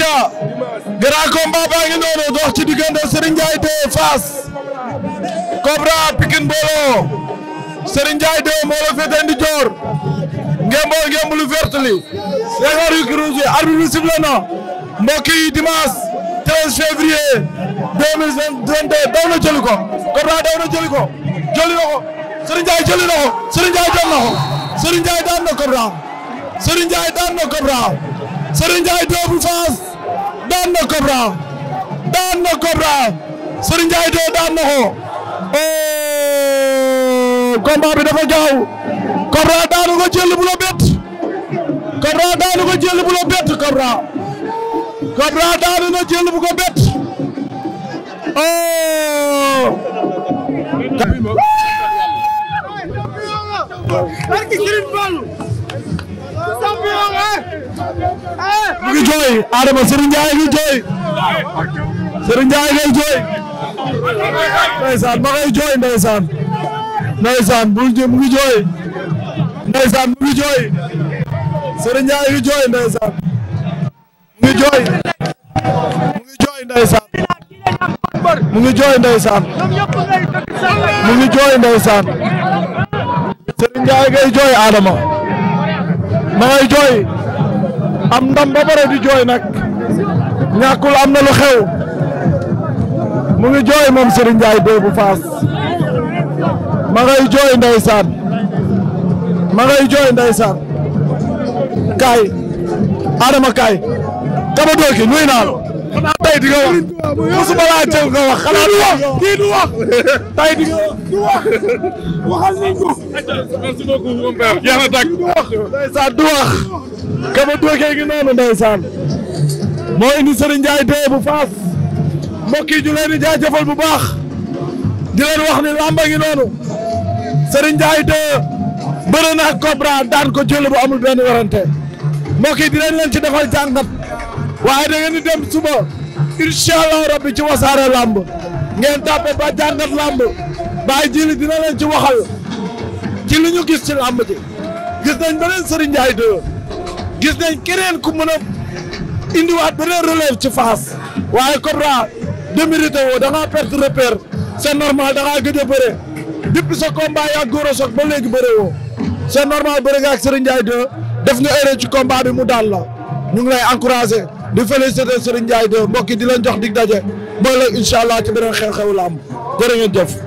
aca grand combat baa ngi noonu dox ci diggante Serigne Ndiaye 2 Fass Cobra Pikine Mbolo Serigne Ndiaye 2 moo ndi joor ngemboo ngemb lu vert li yaakaar yu kirouge arbitre bi sifflé na mbokk yi daan na Cobra Serigne Ndiaye doo bu Fass daan na Cobra daan na Cobra Serigne Ndiaye doo daan na ko oh, combat bi dafa gaaw Cobra daanu ko jël bu la bett Cobra na jël bu ko mu ngi jooy Adama Serigne Ndiaye ngi jooy Serigne Ndiaye ngay jooy ndeysaan ma ngay mu ngi jooy ndeysaan mu ngi jooy Serigne Ndiaye ngi jooy mu ngi jooy mu mu ngi jooy ndeysaan mu ngi jooy Adama ma ngay am ndam ba pare di jooy nag ñàkkul am na lu xew mu ngi jooy moom Serigne Ndiaye dee bu faas ma ngay jooy ndeysaan ma ngay jooy ndeysaan kaay Adama kaay Kabadooki nuyu naa la xanaa tey di nga wax mosuma laa jël nga wax xanaa di wax kii du wax tey di wax waxal nañ ko. na tàkk. wax. kaba gi noonu ndeysaan. moo indi Serigne Ndiaye bu faas. mbokk yi ñu leen bu baax. di wax ni lamba ngi noonu. Serigne Ndiaye tey bëre na ak Cobra daan ko jël bu amul benn warante. mbokk yi di leen leen ci defal jàngat. waaye da ngeen di dem suba incha allah rabbi ci wasaare lamb ngeen tàppe ba jàngat lamb bàyyi jili dina leen ci waxal ci ñu gis ci lamb ji gis nañ beneen Serigne Ndiaye doyo gis nañ keneen ku mën indiwaat beneen relève ci Fass waaye Cobra démérité woo da ngaa perte repère c'est normal da ngaa gëj a bëre depuis sa combat yaa ba léegi bëre woo c'est normal bëre nga ak Serigne Ndiaye def nga erreur ci combat bi mu daal la ñu ngi lay di féliciter Serigne Ndiaye de mbokk yi di leen jox dig daje ba ëllëg incha allah ci beneen xew-xewu la am jërë ngeen jëf.